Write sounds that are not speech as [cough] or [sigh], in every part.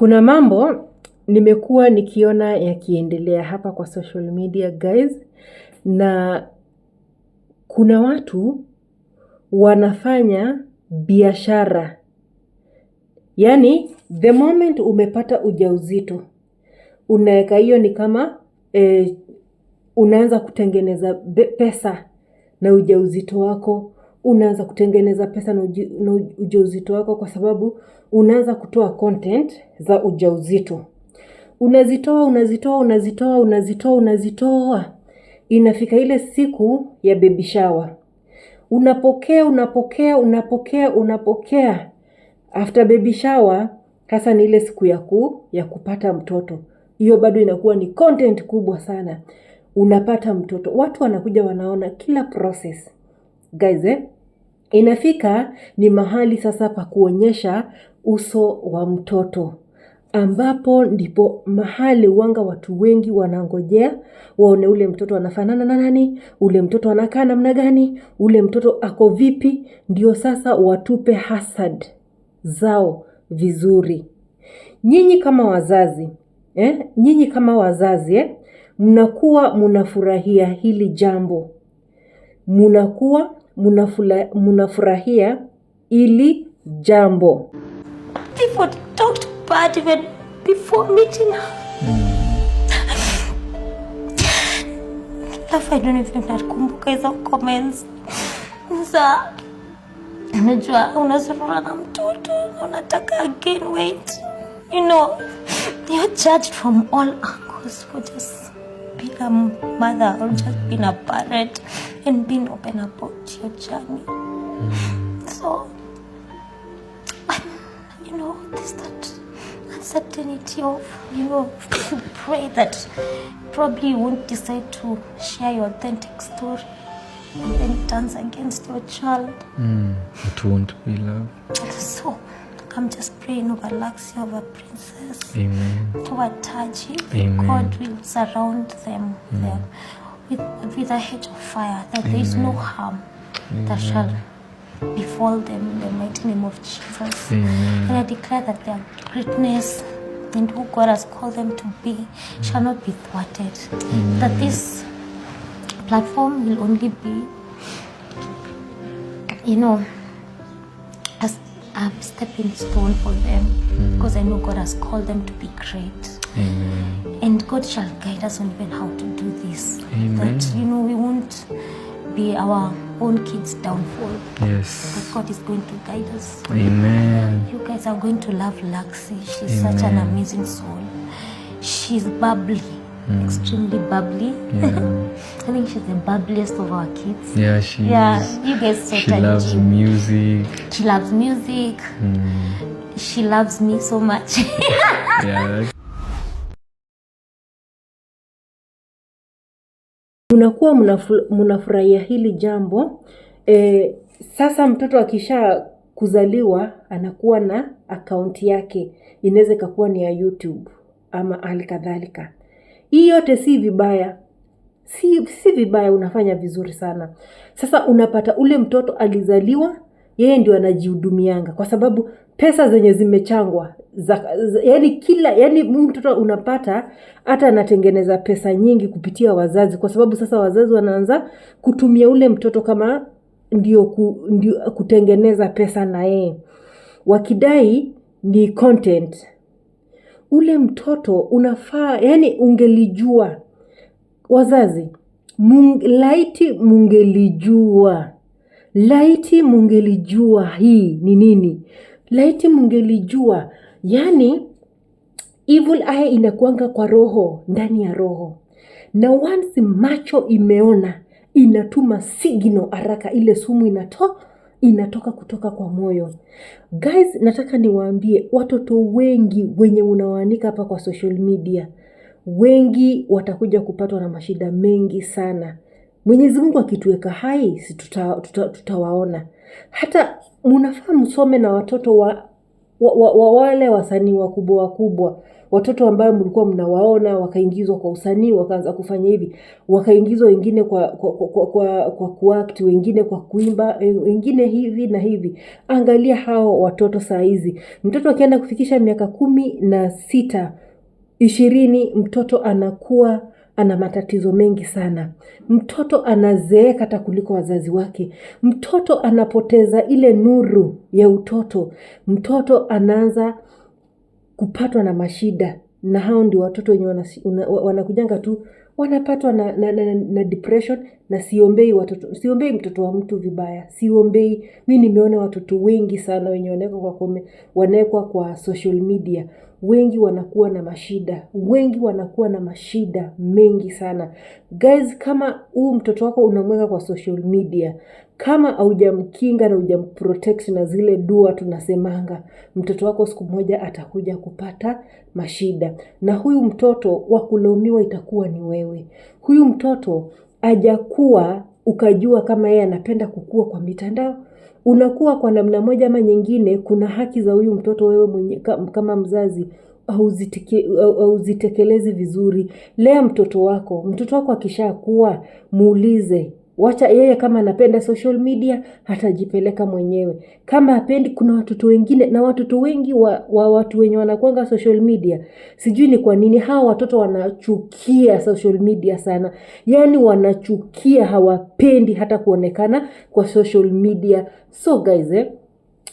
Kuna mambo nimekuwa nikiona yakiendelea hapa kwa social media guys na kuna watu wanafanya biashara. Yaani the moment umepata ujauzito unaweka hiyo ni kama eh, unaanza kutengeneza pesa na ujauzito wako unaanza kutengeneza pesa na ujauzito wako, kwa sababu unaanza kutoa content za ujauzito. Unazitoa, unazitoa, unazitoa, unazitoa, unazitoa, inafika ile siku ya baby shower. Unapokea, unapokea, unapokea, unapokea. After baby shower ni ile siku ya ku ya kupata mtoto. Hiyo bado inakuwa ni content kubwa sana. Unapata mtoto, watu wanakuja wanaona kila process guys eh? Inafika ni mahali sasa pa kuonyesha uso wa mtoto ambapo ndipo mahali wanga watu wengi wanangojea waone ule mtoto anafanana na nani, ule mtoto anakaa namna gani, ule mtoto ako vipi, ndio sasa watupe hasad zao vizuri. Nyinyi kama wazazi eh? nyinyi kama wazazi eh? mnakuwa mnafurahia hili jambo munakuwa munafurahia ili jambo. unajua unazurura na mtoto unataka again wait you know you're judged from all angles for just being a mother or just being a parent and being open about your journey. Mm. So, you know, there's that uncertainty of, you know, [laughs] pray that probably you won't decide to share your authentic story and then turns against your child. Mm. It won't be love. So, I'm just praying over Laxi, over Princess, Amen. over Taji. Amen. God will surround them. Mm. There. with, with a hedge of fire, that there is no harm that shall befall them in the mighty name of Jesus. And I declare that their greatness and who God has called them to be shall not be thwarted. That this platform will only be, you know, as a stepping stone for them because I know God has called them to be great. Amen. And God shall guide us on even how to do this. Amen. That, you know, we won't be our own kids' downfall. Yes. But God is going to guide us. Amen. You guys are going to love Laxi. She's Amen. such an amazing soul. She's bubbly. Mm. Extremely bubbly. Yeah. [laughs] I think she's the bubbliest of our kids. Yeah, she yeah, is. You guys so She talented. loves music. She loves music. Mm. She loves me so much. [laughs] yeah. unakuwa munafurahia hili jambo, e, sasa mtoto akisha kuzaliwa anakuwa na akaunti yake, inaweza ikakuwa ni ya YouTube ama hali kadhalika. Hii yote si vibaya, si vibaya unafanya vizuri sana. Sasa unapata ule mtoto alizaliwa, yeye ndio anajihudumianga kwa sababu pesa zenye zimechangwa za, za, yani kila yani mtoto unapata hata anatengeneza pesa nyingi kupitia wazazi, kwa sababu sasa wazazi wanaanza kutumia ule mtoto kama ndio, ku, ndio kutengeneza pesa na yeye, wakidai ni content. Ule mtoto unafaa yani, ungelijua wazazi mung, laiti mungelijua laiti mungelijua hii ni nini, laiti mungelijua Yaani evil eye inakuanga kwa roho, ndani ya roho, na once macho imeona inatuma signal haraka, ile sumu inato, inatoka kutoka kwa moyo. Guys, nataka niwaambie watoto wengi wenye unawaanika hapa kwa social media, wengi watakuja kupatwa na mashida mengi sana. Mwenyezi Mungu akituweka hai, si tutawaona tuta, tuta hata munafaa msome na watoto wa wa, wa, wa wale wasanii wakubwa wakubwa, watoto ambayo mlikuwa mnawaona wakaingizwa kwa usanii, wakaanza kufanya hivi, wakaingizwa wengine kwa kwa, kwa, kwa, kwa kuact, wengine kwa kuimba, e, wengine hivi na hivi. Angalia hao watoto saa hizi, mtoto akienda kufikisha miaka kumi na sita ishirini, mtoto anakuwa ana matatizo mengi sana. Mtoto anazeeka hata kuliko wazazi wake. Mtoto anapoteza ile nuru ya utoto. Mtoto anaanza kupatwa na mashida, na hao ndio watoto wenye wanakujanga tu wanapatwa na, na, na, na depression. Na siombei watoto, siombei mtoto wa mtu vibaya, siombei. Mi nimeona watoto wengi sana wenye wanawekwa kwa, kwa social media wengi wanakuwa na mashida, wengi wanakuwa na mashida mengi sana guys. Kama huu mtoto wako unamweka kwa social media, kama haujamkinga na hujamprotect na zile dua tunasemanga, mtoto wako siku moja atakuja kupata mashida, na huyu mtoto wa kulaumiwa itakuwa ni wewe. Huyu mtoto ajakuwa ukajua kama yeye anapenda kukua kwa mitandao unakuwa kwa namna moja ama nyingine kuna haki za huyu mtoto wewe mwenye kama mzazi hauzitekelezi vizuri. Lea mtoto wako, mtoto wako akishakuwa muulize Wacha yeye kama anapenda social media atajipeleka mwenyewe, kama apendi kuna watoto wengine na watoto wengi wa, wa watu wenye wanakwanga social media, sijui ni kwa nini hawa watoto wanachukia social media sana, yaani wanachukia, hawapendi hata kuonekana kwa social media. So guys eh,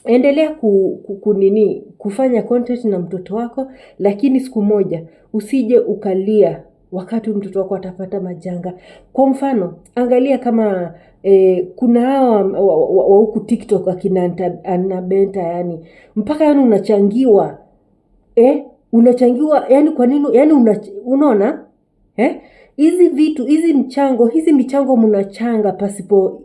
endelea ku, ku, ku nini kufanya content na mtoto wako, lakini siku moja usije ukalia wakati mtoto wako atapata majanga. Kwa mfano, angalia kama e, kuna hawa wa huku TikTok akina Anabenta, yani mpaka yani unachangiwa eh, unachangiwa yani kwa nini yani una, unaona eh, hizi vitu hizi mchango hizi michango mnachanga pasipo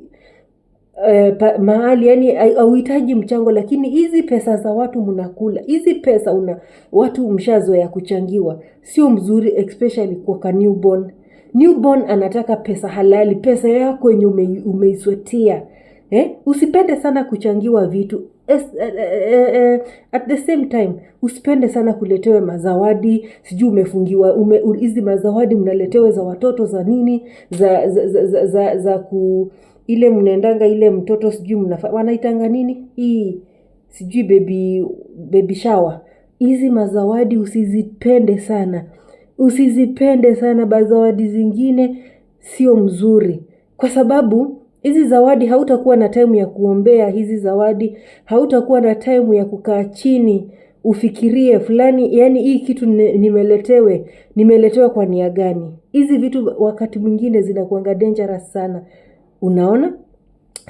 Eh, pa, mahali yani hauhitaji mchango, lakini hizi pesa za watu mnakula hizi pesa una watu mshazoea kuchangiwa, sio mzuri especially kwa newborn. Newborn anataka pesa halali, pesa yako yenye ume, umeiswetia eh? Usipende sana kuchangiwa vitu Es, eh eh, eh, eh, at the same time usipende sana kuletewe mazawadi, sijui umefungiwa ume, hizi mazawadi mnaletewe za watoto za nini za za, za, za, za, za ku ile mnaendanga ile mtoto sijui wanaitanga nini hii sijui bebi bebi shawa hizi mazawadi usizipende sana usizipende sana bazawadi zingine sio mzuri kwa sababu hizi zawadi hautakuwa na taimu ya kuombea hizi zawadi hautakuwa na taimu ya kukaa chini ufikirie fulani yani hii kitu nimeletewe nimeletewa kwa nia gani hizi vitu wakati mwingine zinakuanga dangerous sana Unaona?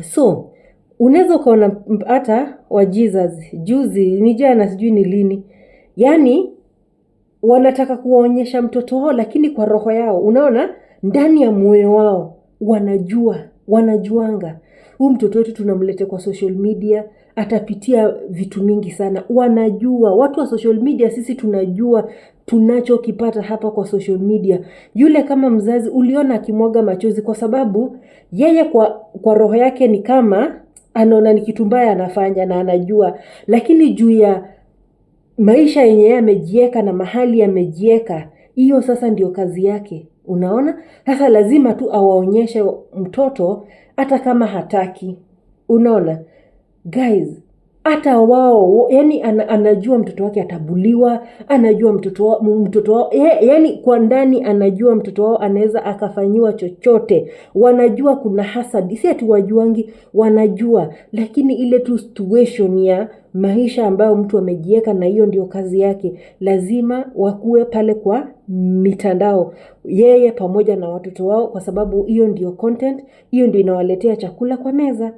So, unaweza ukaona hata wa Jesus, juzi, ni jana sijui ni lini. Yaani, wanataka kuwaonyesha mtoto wao lakini kwa roho yao. Unaona? Ndani ya moyo wao wanajua, wanajuanga huu mtoto wetu tunamlete kwa social media atapitia vitu mingi sana. Wanajua watu wa social media, sisi tunajua tunachokipata hapa kwa social media. Yule kama mzazi uliona akimwaga machozi, kwa sababu yeye kwa, kwa roho yake ni kama anaona ni kitu mbaya anafanya na anajua, lakini juu ya maisha yenye yeye amejiweka na mahali amejiweka, hiyo sasa ndio kazi yake. Unaona, sasa lazima tu awaonyeshe mtoto hata kama hataki. Unaona guys, hata wao yani anajua mtoto wake atabuliwa, anajua mtoto wao, mtoto wao yani kwa ndani anajua mtoto wao anaweza akafanyiwa chochote. Wanajua kuna hasadi, si ati wajuangi, wanajua, lakini ile tu situation ya maisha ambayo mtu amejiweka, na hiyo ndio kazi yake, lazima wakuwe pale kwa mitandao, yeye pamoja na watoto wao, kwa sababu hiyo ndio content, hiyo ndio inawaletea chakula kwa meza.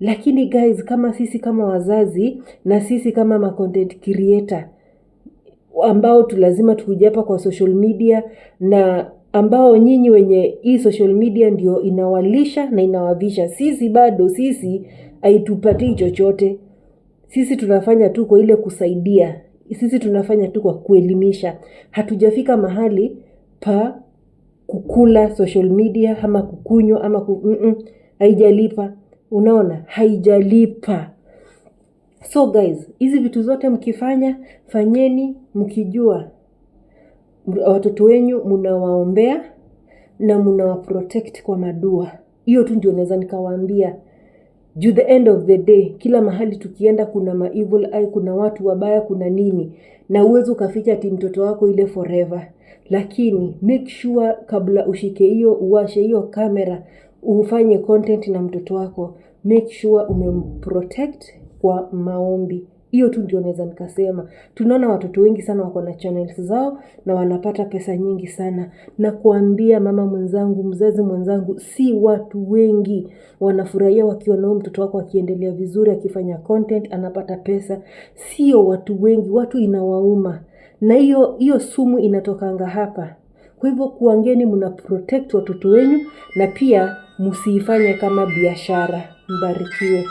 Lakini guys, kama sisi kama wazazi na sisi kama ma content creator ambao tulazima tukuje hapa kwa social media na ambao nyinyi wenye hii social media ndio inawalisha na inawavisha. Sisi bado sisi haitupatii chochote, sisi tunafanya tu kwa ile kusaidia, sisi tunafanya tu kwa kuelimisha. Hatujafika mahali pa kukula social media ama kukunywa ama ku... haijalipa. Unaona, haijalipa. So guys, hizi vitu zote mkifanya, fanyeni mkijua watoto wenyu mnawaombea na mnawaprotect kwa madua. Hiyo tu ndio naweza nikawaambia. Juu the end of the day, kila mahali tukienda kuna ma evil eye, kuna watu wabaya, kuna nini, na uwezi ukaficha ti mtoto wako ile forever, lakini make sure kabla ushike hiyo, uwashe hiyo kamera, ufanye content na mtoto wako, make sure umemprotect kwa maombi. Hiyo tu ndio naweza nikasema. Tunaona watoto wengi sana wako na channels zao na wanapata pesa nyingi sana, na kuambia mama mwenzangu, mzazi mwenzangu, si watu wengi wanafurahia wakiwa nao mtoto wako akiendelea vizuri, akifanya content, anapata pesa. Sio watu wengi, watu inawauma, na hiyo hiyo sumu inatokanga hapa. Kwa hivyo kuangeni, mna protect watoto wenyu na pia Msiifanye kama biashara. Mbarikiwe.